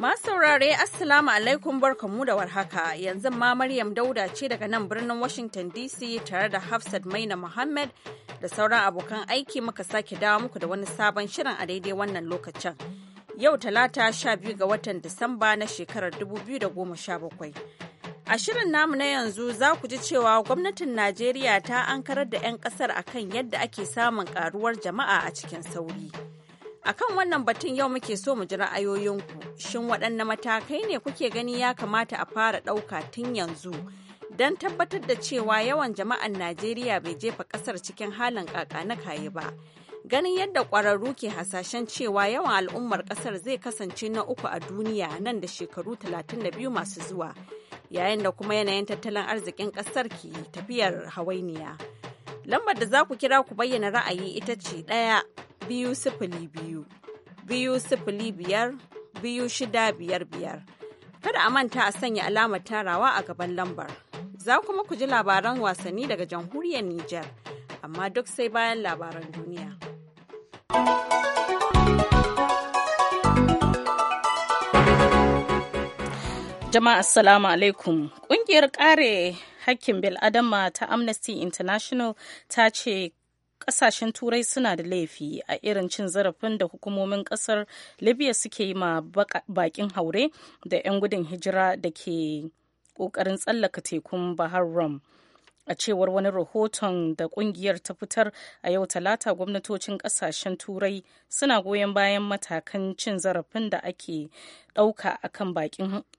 Masu saurare Assalamu alaikum barkamu da warhaka yanzu ma Maryam Dauda ce daga nan birnin Washington DC tare da Hafsat Maina Muhammad da sauran abokan aiki muka sake dawo muku da wani sabon shirin a daidai wannan lokacin. Yau talata 12 ga watan Disamba na shekarar 2017. A shirin namu na yanzu za ku ji cewa gwamnatin Najeriya ta ankarar da 'yan kasar akan yadda ake samun ƙaruwar jama'a a cikin sauri. A kan wannan batun yau muke so mu ji ra'ayoyinku, shin waɗanne matakai ne kuke gani ya kamata a fara ɗauka tun yanzu don tabbatar da cewa yawan jama'an Najeriya bai jefa ƙasar cikin halin ƙaƙa na kayi ba. Ganin yadda ƙwararru ke hasashen cewa yawan al'ummar ƙasar zai kasance na uku a duniya nan da shekaru talatin da biyu masu zuwa, yayin da kuma yanayin tattalin arzikin ƙasar ke tafiyar hawainiya. Lambar da za ku kira ku bayyana ra'ayi ita ce ɗaya biyu sifili biyu, biyu sifili biyar, biyu shida biyar biyar. Kada a manta a sanya alamar tarawa a gaban lambar. Za kuma ku ji labaran wasanni daga jamhuriyar Nijar, amma duk sai bayan labaran duniya. Jama'a assalamu alaikum. Kungiyar kare hakkin bil'adama ta amnesty international ta ce kasashen turai suna da laifi a irin cin zarafin da hukumomin kasar libya suke yi ma bakin haure da 'yan gudun hijira da ke kokarin tsallaka tekun bahar rum a cewar wani rahoton da kungiyar ta fitar a yau talata gwamnatocin kasashen turai suna goyon bayan matakan cin zarafin da ake ɗauka a kan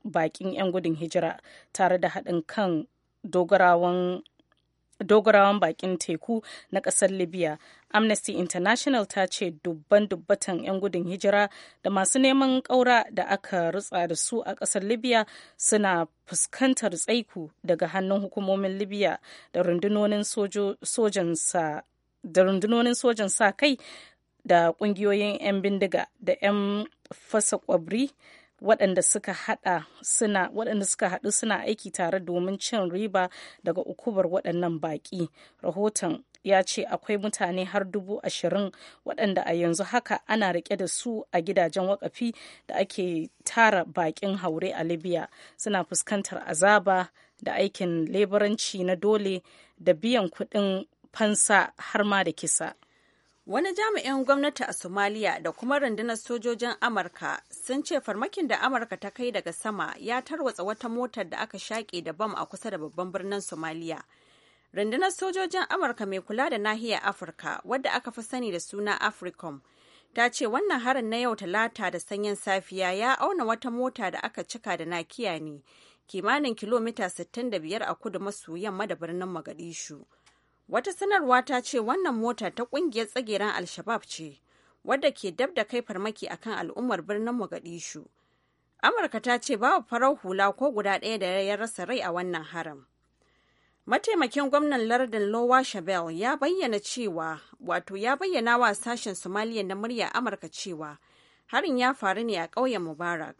bakin 'yan gudun hijira tare da haɗin kan dogarawan dogarawan bakin teku na ƙasar libya amnesty international ta ce dubban dubbatan 'yan gudun hijira da masu neman ƙaura da aka rutsa da su a ƙasar libya suna fuskantar tsaiku daga hannun hukumomin libya da rundunonin sojan sa kai da ƙungiyoyin 'yan bindiga da 'yan fasa kwabri waɗanda suka haɗa suna waɗanda suka haɗu suna aiki tare domin cin riba daga ukubar waɗannan baƙi rahoton ya ce akwai mutane har dubu ashirin waɗanda a yanzu haka ana riƙe da su a gidajen wakafi da ake tara baƙin haure a libya suna fuskantar azaba da aikin leburanci na dole da biyan kuɗin fansa har ma da kisa Wani jami'in gwamnati a Somalia da kuma rundunar sojojin Amurka sun ce farmakin da Amurka ta kai daga sama ya tarwatsa wata motar da aka shaƙe da bam a kusa da babban birnin Somalia. Rundunar sojojin Amurka mai kula da nahiyar Afirka wadda aka fi sani da suna Africom ta ce wannan harin na yau talata da sanyin safiya ya auna wata mota da aka cika da nakiya ne kimanin kilomita 65 a kudu maso yamma da birnin Magadishu. Wata sanarwa ta ce wannan mota ta kungiyar tsageren Alshabab ce, wadda ke dab da kai farmaki akan al'ummar birnin Mogadishu. Amurka ta ce babu farar hula ko guda ɗaya da ya rasa rai a wannan haram. Mataimakin gwamnan lardin Lowa Shabel ya bayyana cewa, wato ya bayyana wa sashen Somaliya na murya Amurka cewa harin ya faru ne a ƙauyen Mubarak.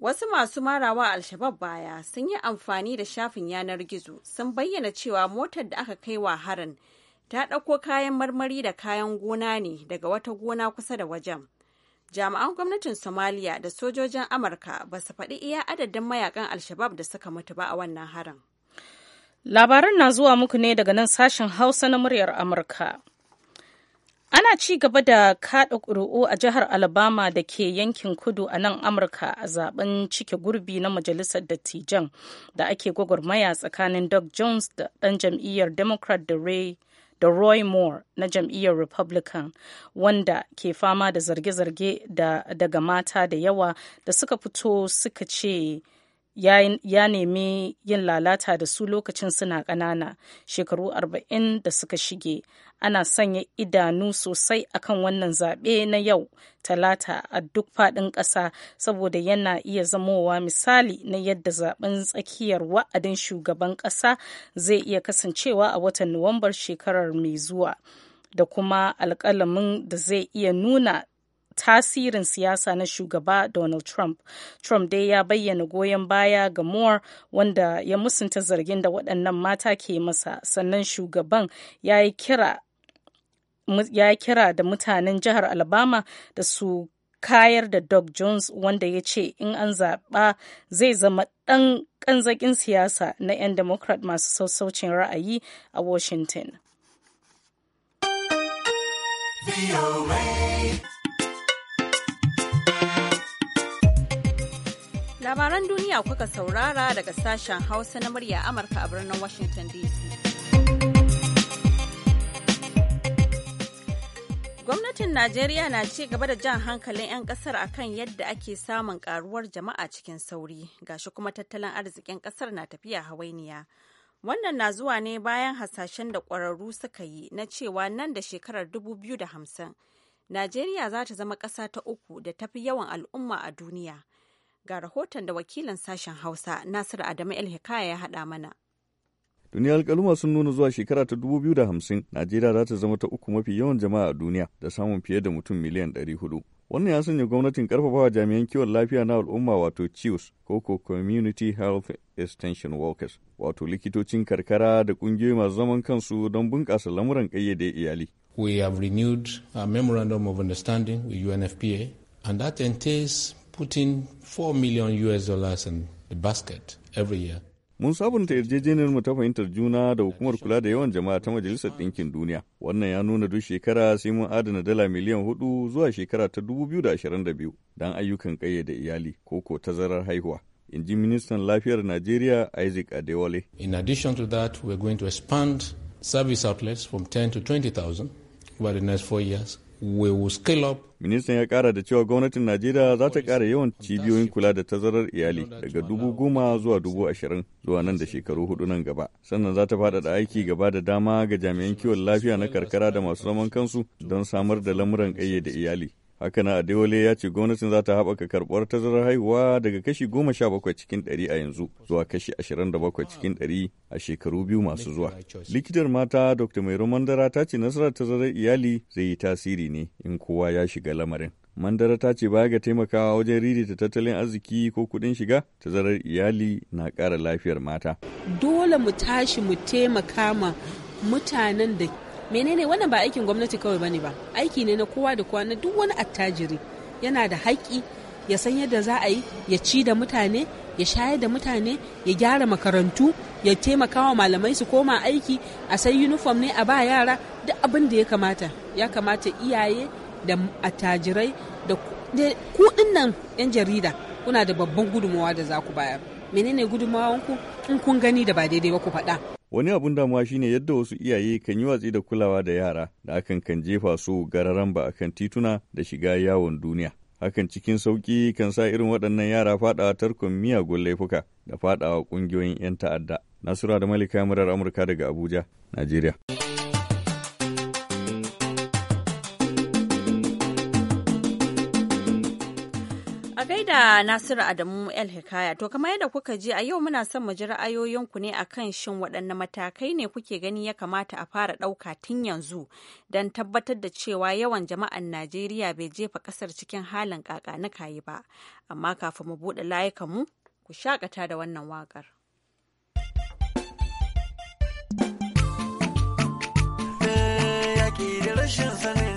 Wasu masu marawa Alshabab baya sun yi amfani da shafin yanar gizo sun bayyana cewa motar da aka kai wa harin ta ɗauko kayan marmari da kayan gona ne daga wata gona kusa da wajen. Jami'an gwamnatin Somalia da sojojin Amurka ba su faɗi iya adadin mayakan Alshabab da suka mutu ba a wannan harin. Labaran na zuwa muku ne daga nan sashen Hausa na muryar Amurka. Ana ci gaba da kaɗa ƙuri'u a jihar Alabama da ke yankin kudu a nan Amurka a zaben cike gurbi na Majalisar Dattijan da ake gwagwarmaya tsakanin Doug Jones da ɗan jam'iyyar Democrat da Ray da Roy Moore na jam'iyyar Republican wanda ke fama da zarge-zarge daga mata da yawa da suka fito suka ce ya nemi yin lalata da su lokacin suna ƙanana shekaru arba'in da suka shige ana sanya idanu sosai akan wannan zaɓe na yau talata a duk faɗin ƙasa saboda yana iya zamowa misali na yadda zaɓen tsakiyar wa'adin shugaban ƙasa zai iya kasancewa a watan nuwambar shekarar mai zuwa da kuma alkalamin da zai iya nuna tasirin siyasa na shugaba Donald Trump. Trump dai ya bayyana goyon baya ga Moore wanda ya musunta zargin da waɗannan mata ke masa, sannan shugaban ya yi kira ya kira da mutanen jihar Alabama da su kayar da Doug Jones wanda ya ce in an zaɓa zai zama ɗan ƙanzakin siyasa na 'yan Democrat masu sassaucin ra'ayi a Washington. Labaran duniya kuka saurara daga sashen Hausa na murya Amurka a birnin Washington DC. Gwamnatin Najeriya na ci gaba da jan hankalin 'yan kasar akan yadda ake samun karuwar jama'a cikin sauri, gashi kuma tattalin arzikin kasar na tafiya hawainiya. Wannan na zuwa ne bayan hasashen da ƙwararru suka yi na cewa nan da shekarar 2050, Najeriya za ta zama ƙasa ta uku da tafi yawan al'umma a duniya. Ga rahoton da wakilin sashen Hausa Nasiru Adamu El Hikaya ya haɗa mana. Duniyar alkaluma sun nuna zuwa shekara ta dubu hamsin Najeriya za ta zama ta uku mafi yawan jama'a a duniya da samun fiye da mutum miliyan 400. Wannan ya sanya gwamnatin karfafawa jami'an kiwon lafiya na al'umma wato CHIOS ko Community Health Extension Workers wato likitocin karkara da ƙungiyoyi masu zaman kansu don bunƙasa lamuran ƙayyade iyali. We have renewed a memorandum of understanding with UNFPA and that entails putting 4 million US dollars in the basket every year. Mun sabunta yarjejeniyar mu ta fahimtar juna da hukumar kula da yawan jama'a ta Majalisar Ɗinkin Duniya. Wannan ya nuna duk shekara sai mun adana dala miliyan hudu zuwa shekara ta 2022 don ayyukan ƙayyade iyali ko ko tazarar haihuwa. In ji ministan lafiyar Najeriya Isaac Adewale. In addition to that, we're going to expand service outlets from 10 to 20,000 over the next four years. we scale up ministan ya kara da cewa gwamnatin najeriya za ta kara yawan cibiyoyin kula da tazarar iyali daga dubu goma zuwa dubu ashirin zuwa nan da shekaru hudu nan gaba sannan za ta faɗaɗa aiki gaba da dama ga jami'an kiwon lafiya na karkara da masu zaman kansu don samar da lamuran ƙayyade iyali haka na adewale ya ce gwamnatin za ta haɓaka karɓar tazarar haihuwa daga kashi goma sha bakwai cikin ɗari a yanzu zuwa kashi ashirin da bakwai cikin ɗari a shekaru biyu masu zuwa likitar mata dr mairo mandara ta ce nasarar tazarar iyali zai yi tasiri ne in kowa ya shiga lamarin mandara ta ce baya ga taimakawa wajen ririta tattalin arziki ko kuɗin shiga tazarar iyali na ƙara lafiyar mata dole mu tashi mu taimaka ma mutanen da menene wannan ba aikin gwamnati kawai bane ba aiki ne na kowa da kowa na duk wani attajiri yana da haƙƙi ya san yadda za a yi ya ci da mutane ya shayar da mutane ya gyara makarantu ya taimakawa malamai su koma aiki a sai uniform ne a ba yara duk abin da ya kamata ya kamata iyaye da attajirai da kuɗin nan 'yan jarida kuna da babban gudunmawa da za ku bayar menene gudunmawanku in kun gani da ba daidai ba ku faɗa Wani abun damuwa shine yadda wasu iyaye kan yi watsi da kulawa da yara da akan kan jefa su gararan ba akan tituna da shiga yawon duniya. Hakan cikin sauƙi kan sa irin waɗannan yara faɗawa tarkon miyagun laifuka da faɗawa ƙungiyoyin 'yan ta'adda. Nasura da Malika Murar Amurka daga Abuja, Najeriya. da Nasiru Adamu El Hikaya, to kamar yadda kuka ji a yau muna son mu ji ra'ayoyinku ne kan shin waɗanne matakai ne kuke gani ya kamata a fara ɗauka tun yanzu don tabbatar da cewa yawan jama'an Najeriya bai jefa ƙasar cikin halin ƙaƙa na kayi ba. Amma kafin mu buɗe layukanmu, ku shaƙata da wannan waƙar. Hey, eh,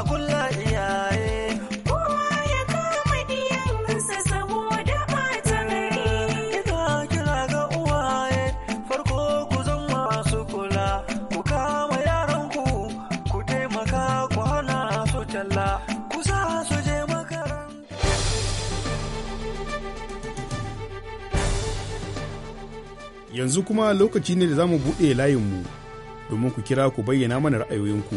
a kulla iyaye. Kowa ya kama diyansa saboda ɓata gari. Ina kira ga uwaye farko ku zan masu kula ku kama yaranku ku taimaka ku hana su talla ku sa su je makaranta. Yanzu kuma lokaci ne da za mu buɗe layinmu domin ku kira ku bayyana mana ra'ayoyinku.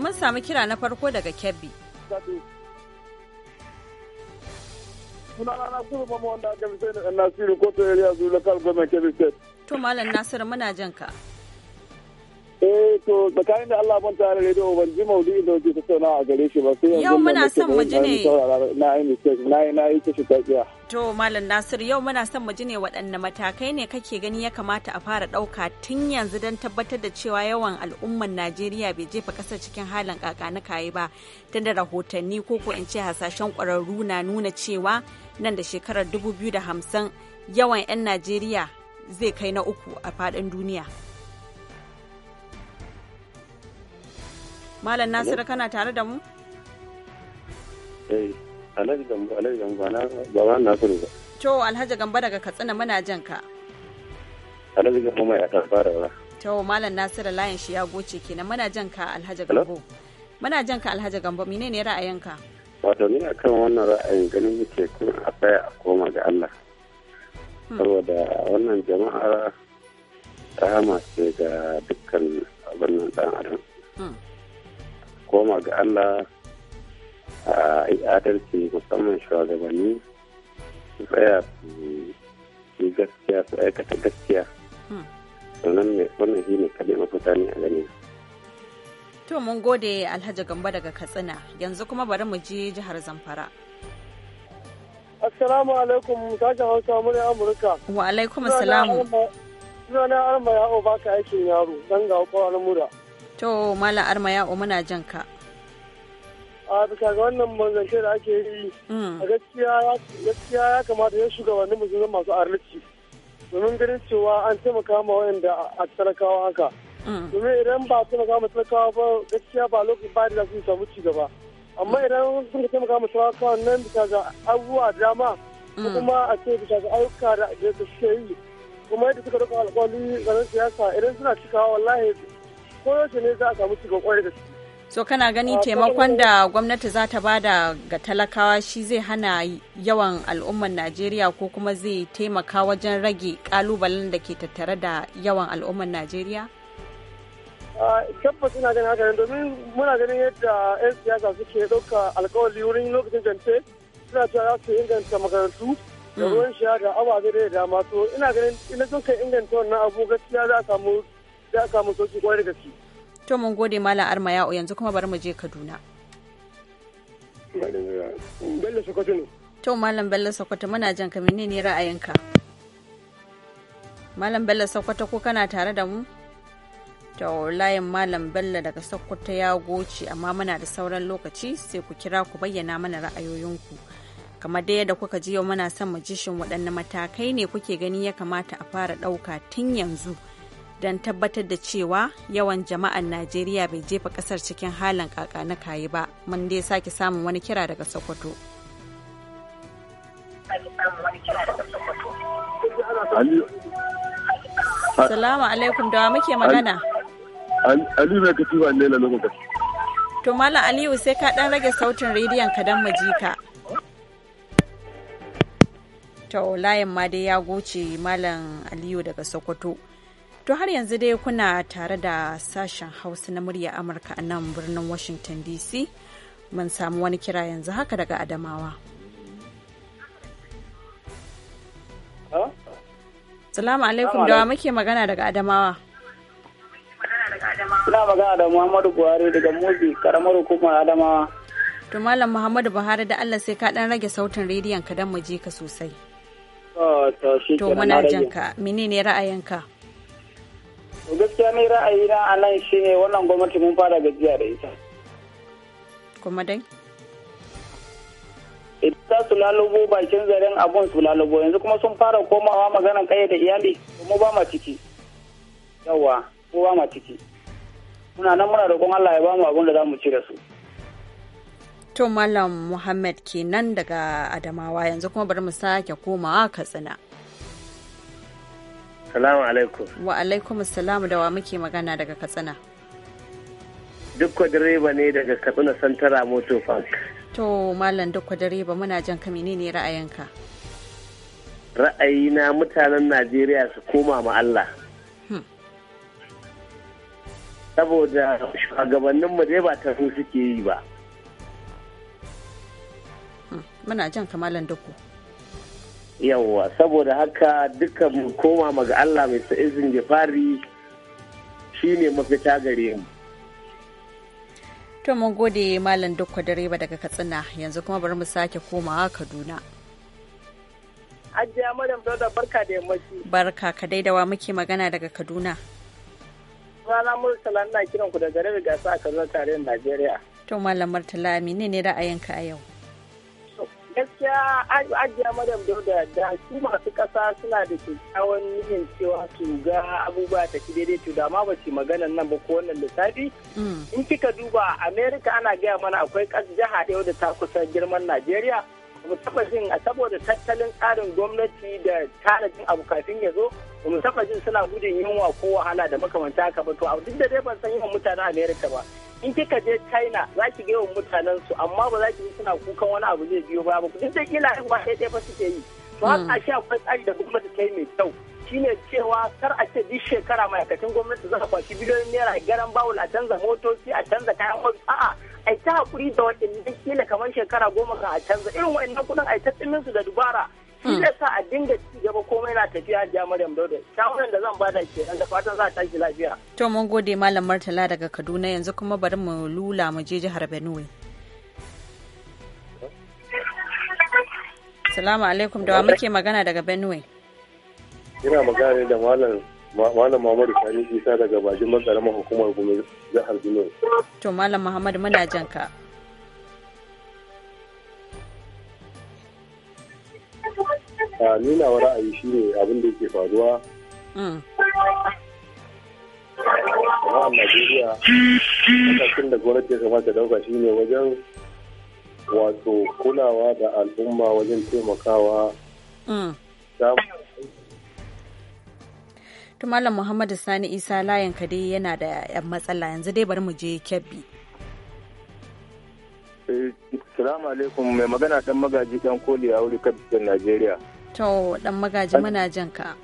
mun samu kira na farko daga Kebbi. Sunana aka da Nasiru Koto Area zuwa Local Government Kebbi State. To Malam Nasiru muna jan Eh to tsakanin da Allah ban tare ban ji maudu da wace tattauna a gare shi ba sai Yau muna son mu ne. To Malam nasir yau muna son mu ji ne waɗanne matakai ne kake gani ya kamata a fara ɗauka tun yanzu don tabbatar da cewa yawan al'umman Najeriya bai jefa ƙasar cikin halin na kayi ba tunda rahotanni ko ko in ce hasashen ƙwararru na nuna cewa nan da shekarar da hamsin yawan 'yan Najeriya zai kai na uku a faɗin duniya. Malam Nasiru kana tare da mu? Eh. alhaji gambo na ba na ba to alhaji gamba daga katsina muna jan ka alhaji gambo mai akan fara ba to malam nasiru layin shi ya goce kenan muna jan ka alhaji gambo muna jan ka alhaji gambo menene ra'ayinka wato ni akan wannan ra'ayin ganin muke ko a tsaya a koma ga Allah hmm. saboda wannan jama'a rahama ce ga dukkan abin nan dan adam hmm. koma ga Allah a adalci musamman shugabanni su tsaya su gaskiya su aikata gaskiya sannan hmm. ne wannan shi ne kaɗai mafuta ne a gani to mun gode alhaji gamba daga katsina yanzu kuma bari mu je jihar zamfara assalamu alaikum sashen hausa murya amurka wa alaikum assalamu sunana arma ya'o o baka aikin yaro dan ga kwanan mura to mala arma ya'o muna jan ka a bisa ga wannan manzance da ake yi hmm. a gaskiya ya kamata ya shugabannin mu zama masu arziki domin ganin cewa an taimaka ma wayanda a talakawa haka hmm. domin idan ba a taimaka ma talakawa ba gaskiya ba lokacin ba da sun samu ci gaba amma idan sun taimaka ma talakawa nan bisa ga abubuwa dama hmm. kuma a ce bisa ga ayyuka da suke yi kuma yadda suka dauka alƙawari ganin siyasa idan suna cikawa wallahi ko yaushe ne za a samu ci gaba kwarai da so kana gani ah, taimakon da gwamnati za ta bada ga talakawa shi zai hana yawan al'ummar najeriya ko kuma zai taimaka wajen rage kalubalen da ke tattare da yawan al'ummar najeriya ah, tabbas ina ganin haka domin muna ganin yadda 'yan siyasa suke ɗauka alkawali wurin lokacin jante suna cewa za su inganta makarantu da hmm. ruwan sha da ababe da dama so ina ganin ina sun kai inganta wannan abu gaskiya za a samu za a samu sauki kwarai da gaske to mun gode malam arma ya'o yanzu kuma bari mu je kaduna bello sokoto to malam bello sokoto muna jan ka menene ra'ayinka malam bello sokoto ko kana tare da mu to layin malam bello daga sokoto ya goce amma muna da sauran lokaci sai ku kira ku bayyana mana ra'ayoyinku kamar da yadda kuka ji yau muna son mu shin waɗanne matakai ne kuke gani ya kamata a fara ɗauka tun yanzu don tabbatar da cewa yawan jama'an najeriya bai jefa kasar cikin halin kaka na kayi ba mun dai sake samun wani kira daga sokoto salamu alaikum da muke magana aliyu mai katiba ne na to malam aliyu sai ka dan rage sautin rediyon ka dan mu ji ka to layin ma dai ya goce malam aliyu daga sokoto To har yanzu dai kuna tare da sashen Hausa na murya Amurka a nan birnin Washington DC. Mun samu wani kira yanzu haka daga Adamawa. Salamu alaikum da muke magana daga Adamawa. Ina magana da Muhammadu Buhari daga Mozi, karamar hukumar Adamawa. To Malam Muhammadu Buhari da Allah sai ka dan rage sautin rediyon ka dan mu je ka sosai. Oh, to muna jinka, menene ra'ayinka? ra'ayin ka? gaskiya ne ra'ayi a nan shine wannan gwamnati mun fara gajiya da ita kuma dai idan za su lalubo bakin zaren abun su lalubo yanzu kuma sun fara komawa maganan kai da iyali mu ba ma ciki yawa mu ba ma ciki muna nan muna roƙon Allah ya ba mu abun da za mu ci da su to malam muhammad kenan daga adamawa yanzu kuma bari mu sake komawa katsina Salamu alaikum. Wa alaikum salamu da wa muke magana daga Katsina. Dukko direba ne daga Katsina Santara Moto Park. To Malam Dukko direba muna jan ka ne ra'ayinka? Ra'ayina mutanen Najeriya su koma ma Allah. Hmm. Saboda shugabannin mu dai ba ta suke yi ba. Hmm. Muna jan ka Malam yawwa saboda haka dukkan mu koma maga Allah mai sa izin ya gifari shine mafita gare mu to mun gode malam dukwa direba daga katsina yanzu kuma bari mu sake komawa kaduna ajiya madam da barka da yammaci barka ka daidawa muke magana daga kaduna rana murtala ina kiran ku da garin gasa a kaduna tarayyar najeriya to malam murtala menene ra'ayinka a yau gaskiya ajiya madam dauda da su masu kasa suna da kyakkyawan nihin cewa su ga abubuwa ta ci daidai to da ba ci maganan nan ba ko wannan lissafi mm. in kika duba america ana gaya mana akwai jiha yau da ta kusa girman nigeria mu taba jin a saboda tattalin tsarin gwamnati da jin abu kafin ya zo mu taba jin suna gudun yunwa ko wahala da makamanta haka ba to a duk da dai ban san yawan mutanen america ba in kika je china za ki ga yawan mutanen su amma ba za ki yi suna kukan wani abu zai biyo ba ba duk da kila ba da ɗaya su suke yi to haka hmm. shi akwai tsari da gwamnati ta yi mai kyau shine cewa kar a ce duk shekara ma'aikatan gwamnati za a kwashi biliyoyin naira garan bawul a canza motoci a canza kayan ofis a'a a ta hakuri da waɗannan kila kamar shekara goma kan a canza irin waɗannan kuɗin a ta tsimin su da dubara Hmm. shi da sa a dinga ci gaba komai na tafiya da maryam dauda shawaran da zan bada ke da fatan za ta tashi lafiya to mun gode malam martala daga kaduna yanzu kuma bari mu lula mu je jihar benue salamu alaikum da wa muke magana daga benue ina magana da malam Malam Muhammadu Sani Isa daga Bajin matsalar hukumar gumi jihar Benue. To Malam Muhammadu muna jan ka. a nuna wa ra'ayi shi ne abin da yake faruwa mm. amma a najeriya matakin da gwamnati ya kamata dauka shi ne wajen wato kulawa da al'umma wajen taimakawa mm. Tumalan Muhammadu Sani Isa layin ka dai yana da yan matsala yanzu dai bari mu je Kebbi. Eh, salamu alaikum mai magana dan magaji dan koli a wuri kabbi Najeriya. to dan magaji muna jin ka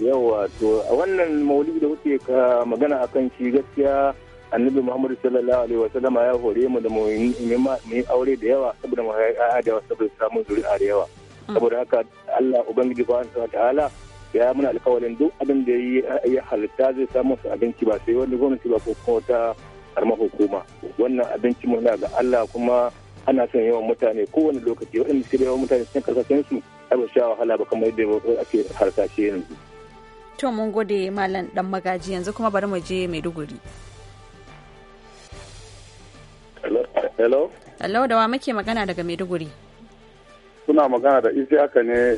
yawa to a wannan maulidi da kuke ka magana akan shi gaskiya annabi muhammadu sallallahu alaihi wasallama ya hore mu da mu yi aure da yawa saboda mu haifa da yawa saboda samu zuri'a da yawa mm. saboda haka Allah ubangiji ba ta ta'ala ya muna alkawarin duk abin da ya halitta zai samu su abinci ba sai wani gwamnati ba ko kuma wata karamar hukuma wannan abinci muna ga Allah kuma ana son yawan mutane kowane lokaci waɗanda suke yawan mutane sun kasashen su abin sha wahala ba kamar yadda ake harkashe yanzu to mun gode malam dan magaji yanzu kuma bari mu je maiduguri hello hello da wa muke magana daga maiduguri suna magana da isi haka ne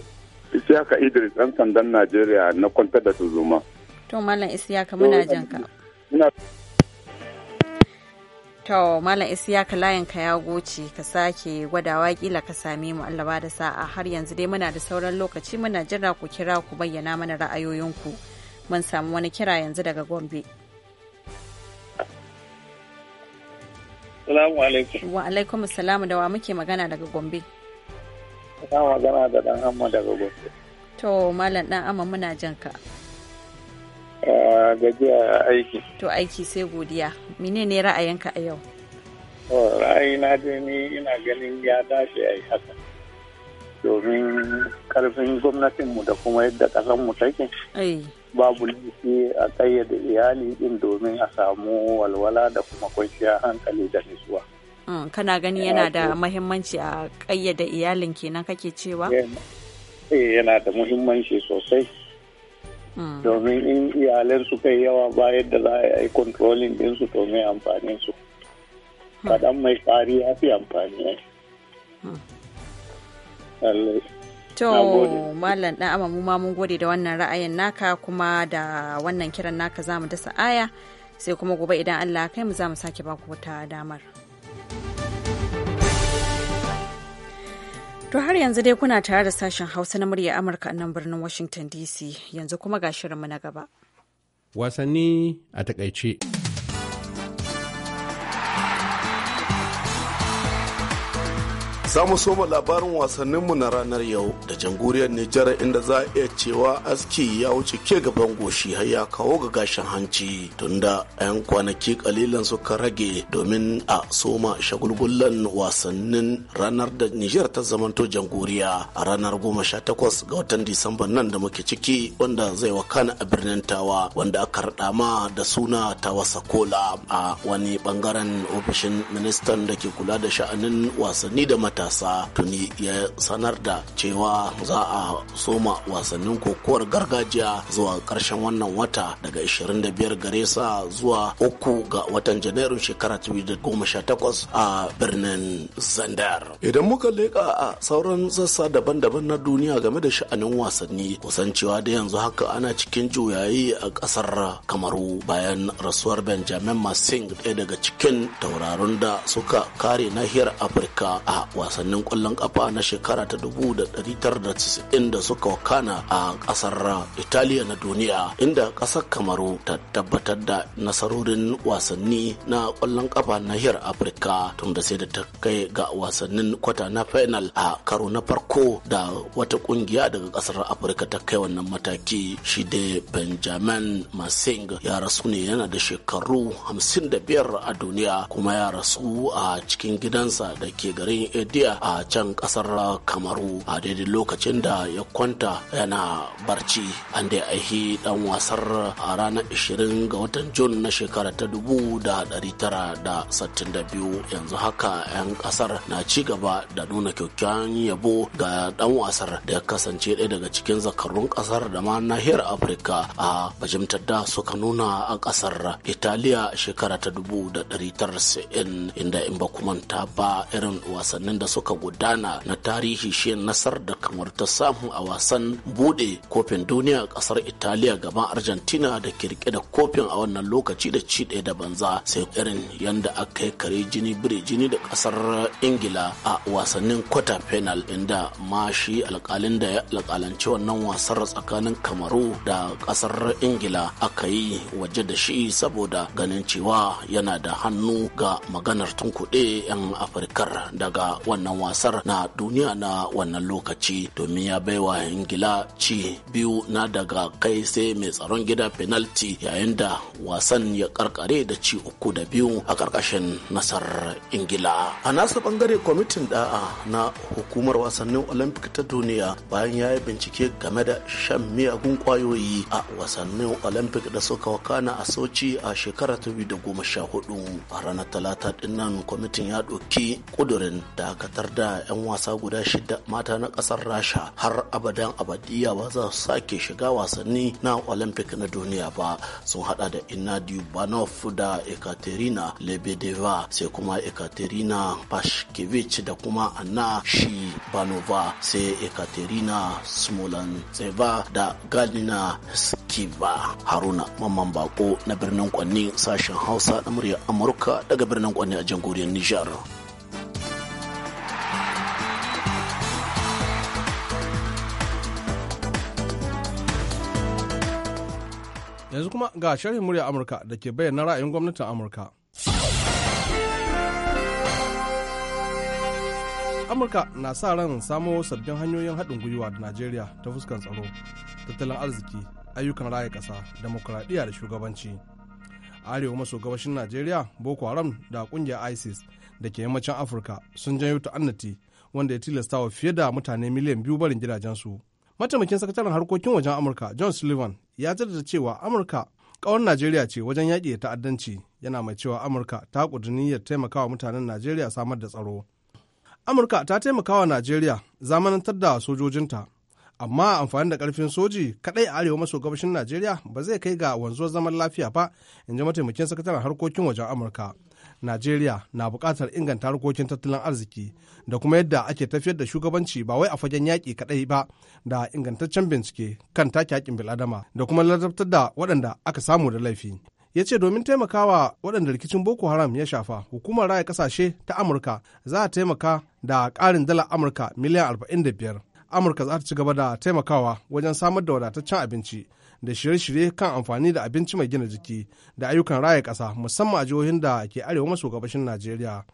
isi haka idris dan sandan najeriya na kwantar da tuzuma to malam isi haka muna jan ka To Malam Isiyaka layin ka ya goce ka sake gwadawa kila ka same mu Allah ba da sa'a har yanzu dai muna da sauran lokaci muna jira ku kira ku bayyana mana ra'ayoyinku. Mun samu wani kira yanzu daga Gombe. Salamu alaikum. Wa alaikum salamu da wa muke magana daga Gombe. Ina magana da dan Amma daga Gombe. To Malam dan Amma muna jan ka. gajiya aiki. To aiki sai godiya. menene ra'ayinka a yau? Ra'ayina ni ina ganin ya dace a yi haka. Domin karfin gwamnatinmu da kuma yadda ƙasanmu take. Babu laifi a ƙayyade iyali din domin a samu walwala da kuma kwanciya hankali da nisuwa. Mm, kana gani yana da mahimmanci a ƙayyade iyalin kenan kake cewa? yana eh, da muhimmanci sosai. domin in iyalan su kai yawa ba yadda za a yi kontrolin din su to mai amfanin su kaɗan mai fari ya fi amfani To Malam ɗan ama mu ma mun gode da wannan ra'ayin naka kuma da wannan kiran naka za mu dasa aya sai kuma gobe idan Allah kai mu za mu sake baku wata damar. To har yanzu dai kuna tare da sashen Hausa na murya Amurka a nan birnin Washington DC yanzu kuma ga shirinmu na gaba. Wasanni a takaice. Za mu soma labarin wasanninmu na ranar yau da jamhuriyar Nijar inda za a iya cewa aski ya wuce ke gaban goshi har ya kawo ga gashin hanci tunda 'yan kwanaki kalilan suka rage domin a soma shagulgullan wasannin ranar da Nijar ta zamanto jamhuriya a ranar 18 ga watan Disamba nan da muke ciki wanda zai wakana a birnin Tawa wanda aka rada ma da suna Tawa Sakola a wani bangaren ofishin ministan da ke kula da sha'anin wasanni da mata matasa tuni ya sanar da cewa za a soma wasannin kokowar gargajiya zuwa karshen wannan wata daga 25 gare sa zuwa 3 ga watan janairun shekara 2018 a birnin zandar idan muka leƙa a sauran sassa daban-daban na duniya game da sha'anin wasanni kusancewa da yanzu haka ana cikin juyayi a kasar kamaru bayan rasuwar benjamin masing ɗaya daga cikin tauraron da suka kare nahiyar afirka a wasanni wasannin kwallon kafa na shekara ta 1990 da suka wakana a kasar Italiya na duniya inda kasar Kamaru ta tabbatar da nasarorin wasanni na kwallon kafa nahiyar Afirka tun da sai da ta kai ga wasannin kwata na final a karo na farko da wata kungiya daga kasar Afirka ta kai wannan mataki shi da Benjamin Masing ya rasu ne yana da shekaru 55 a duniya kuma ya rasu a cikin gidansa da ke garin Edia lafiya a can kasar kamaru a daidai lokacin da ya kwanta yana barci an da aihi dan wasar a ranar 20 ga watan jun na shekara ta 1962 yanzu haka 'yan kasar na ci gaba da nuna kyakkyawan yabo ga dan wasar da ya kasance ɗaya daga cikin zakarun kasar da ma nahiyar afirka a bajimtar da suka nuna a kasar italiya shekara ta 1990 inda in ba kuma ta ba irin wasannin da da suka gudana na tarihi shi nasar da kamar ta samu a wasan bude kofin duniya kasar italiya gaban argentina da kirke da kofin a wannan lokaci da ci da banza sai irin yadda aka yi kare jini bire jini da kasar ingila a wasannin kwata penal inda ma shi alkalin da ya alkalanci wannan wasar tsakanin kamaru da kasar ingila aka yi waje da shi saboda ganin cewa yana da hannu ga maganar tunkuɗe 'yan afirkar daga wannan wasar na duniya na wannan lokaci domin ya baiwa ingila ci biyu na daga kai sai mai tsaron gida penalty yayin da wasan ya karkare da ci uku da biyu a karkashin nasarar ingila a nasa bangare kwamitin da'a na hukumar wasannin olympic ta duniya bayan ya yi bincike game da shan miyagun kwayoyi a wasannin olympic da suka wakana a sochi a shekarar 2014 a ranar talata dinnan kwamitin ya ɗauki ƙudurin da dakatar da 'yan wasa guda shida mata na kasar rasha har abadan abadiya ba za su sake shiga wasanni na olympic na duniya ba sun hada da inadi banov da ekaterina lebedeva sai kuma ekaterina pashkevich da kuma anna shi banova sai ekaterina smolantseva da galina skiba haruna mamman bako na birnin kwanni sashen hausa na murya amurka daga birnin kwanni a jamhuriyar nijar Yanzu kuma ga sharhin murya Amurka da ke bayyana ra'ayin gwamnatin Amurka. Amurka na sa ran samo sabbin hanyoyin haɗin gwiwa da Najeriya ta fuskan tsaro, tattalin arziki, ayyukan raya ƙasa, demokuraɗiyya da shugabanci. arewa maso gabashin najeriya boko haram da ƙungiyar isis da ke yammacin afirka sun janyo ta'annati wanda ya tilasta wa fiye da mutane miliyan biyu barin gidajensu mataimakin sakataren harkokin wajen amurka john sullivan ya jaddada cewa amurka kawar najeriya ce wajen yaƙi da ta'addanci yana mai cewa amurka ta haƙuri niyyar taimakawa mutanen najeriya samar da tsaro amurka ta taimakawa najeriya zamanantar da sojojinta amma amfani da karfin soji kadai a arewa maso gabashin najeriya ba zai kai ga wanzuwar zaman lafiya ba in ji mataimakin sakataren harkokin wajen amurka Najeriya na buƙatar inganta harkokin tattalin arziki da kuma yadda ake tafiyar da shugabanci ba wai a fagen yaƙi kaɗai ba da ingantaccen bincike kan take haƙƙin bil'adama da kuma ladabtar da waɗanda aka samu da laifi. ya ce domin taimakawa waɗanda rikicin boko haram ya shafa hukumar raya kasashe ta amurka za a taimaka da ƙarin dala amurka miliyan 45 amurka za ta ci gaba da taimakawa wajen samar da wadataccen abinci da shirye-shirye kan amfani da abinci mai gina jiki da ayyukan raya ƙasa musamman a jihohin da ke arewa maso gabashin Najeriya.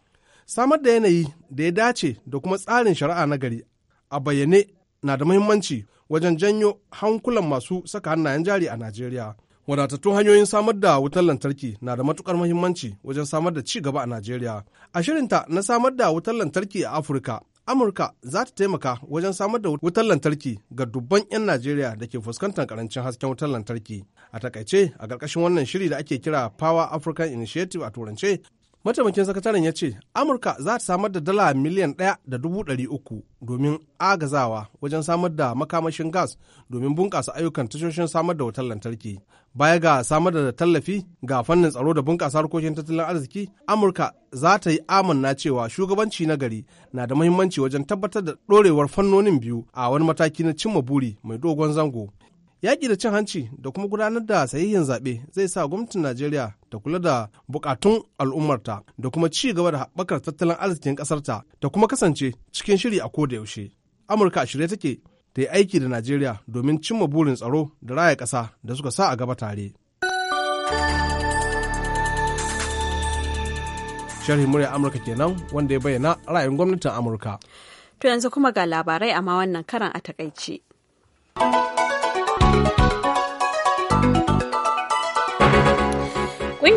Samar da yanayi da ya dace da kuma tsarin shari'a na gari a bayyane na da muhimmanci wajen janyo hankulan masu saka hannayen jari a Najeriya. Wadatattun hanyoyin samar da wutar lantarki na da matukar muhimmanci wajen samar da ci gaba a Najeriya. A shirinta na samar da wutar lantarki a Afirka, Amurka za ta taimaka wajen samar da wutar lantarki ga dubban 'yan Najeriya da ke fuskantar karancin hasken wutar lantarki. A takaice a ƙarƙashin wannan shiri da ake kira Power African Initiative a turance mataimakin sakataren ya ce amurka za ta samar da dala miliyan ɗaya da dubu ɗari uku domin agazawa wajen samar da makamashin gas domin bunƙasa ayyukan tashoshin samar da wutar lantarki baya ga samar da tallafi ga fannin tsaro da bunƙasa harkokin tattalin arziki amurka za ta yi amanna cewa shugabanci na gari na da muhimmanci wajen tabbatar da ɗorewar fannonin biyu a wani mataki na cimma buri mai dogon zango Yaƙi da cin hanci da kuma gudanar da sahihin zaɓe zai sa gwamnatin Najeriya ta kula da buƙatun al'ummarta da kuma ci gaba da haɓakar tattalin arzikin ƙasarta ta kuma kasance cikin shiri a koda yaushe. Amurka a shirye take ta yi aiki da Najeriya domin cimma burin tsaro da raya ƙasa da suka sa a gaba tare. Sharhi murya Amurka kenan wanda ya bayyana ra'ayin gwamnatin Amurka. To yanzu kuma ga labarai amma wannan karan a takaice.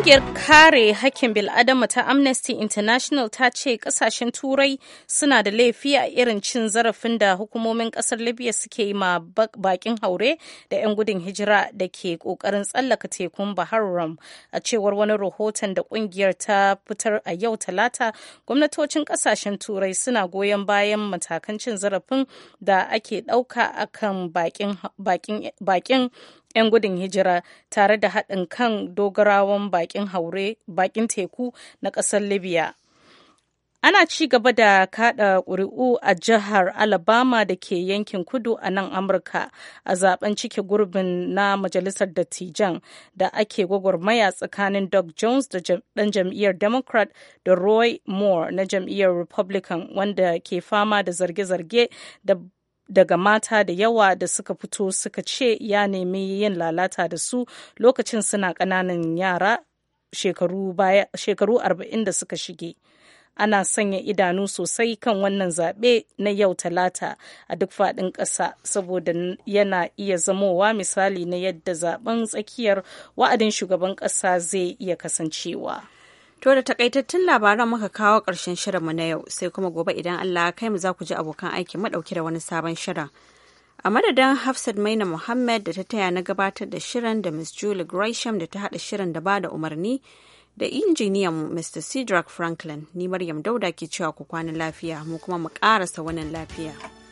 kungiyar kare hakkin bil'adama ta Amnesty International ta ce kasashen Turai suna da laifi a irin cin zarafin da hukumomin kasar Libya suke yi ma bakin haure da 'yan gudun hijira da ke kokarin tsallaka tekun Bahar A cewar wani rahoton da kungiyar ta fitar a yau Talata, gwamnatocin kasashen Turai suna goyon bayan matakan cin zarafin da ake ɗauka akan bakin 'yan gudun hijira tare da haɗin kan dogarawan bakin haure bakin teku na ƙasar libya ana ci gaba da kada ƙuri'u a jihar alabama da ke yankin kudu a nan amurka a zaben cike gurbin na majalisar dattijan da ake gwagwarmaya tsakanin doug jones da ɗan jam'iyyar democrat da roy moore na jam'iyyar republican wanda ke fama da zarge-zarge da daga mata da yawa da suka fito suka ce ya nemi yin lalata da su lokacin suna ƙananan yara shekaru arba'in da suka shige ana sanya idanu sosai kan wannan zaɓe na yau talata a duk faɗin ƙasa saboda yana iya zamowa misali na yadda zaben tsakiyar wa'adin shugaban ƙasa zai iya kasancewa. To da takaitattun labaran muka kawo ƙarshen mu na yau sai kuma gobe idan Allah kai mu za ku ji abokan aiki madauki da wani sabon shirin. A madadin Hafsat Maina Muhammad da ta taya na gabatar da shirin da Miss Julie Gresham da ta haɗa shirin da ba da umarni da injiniyan Mr. Cedric Franklin, ni Maryam Dauda ke cewa ku kwana lafiya mu kuma mu ƙarasa wannan lafiya.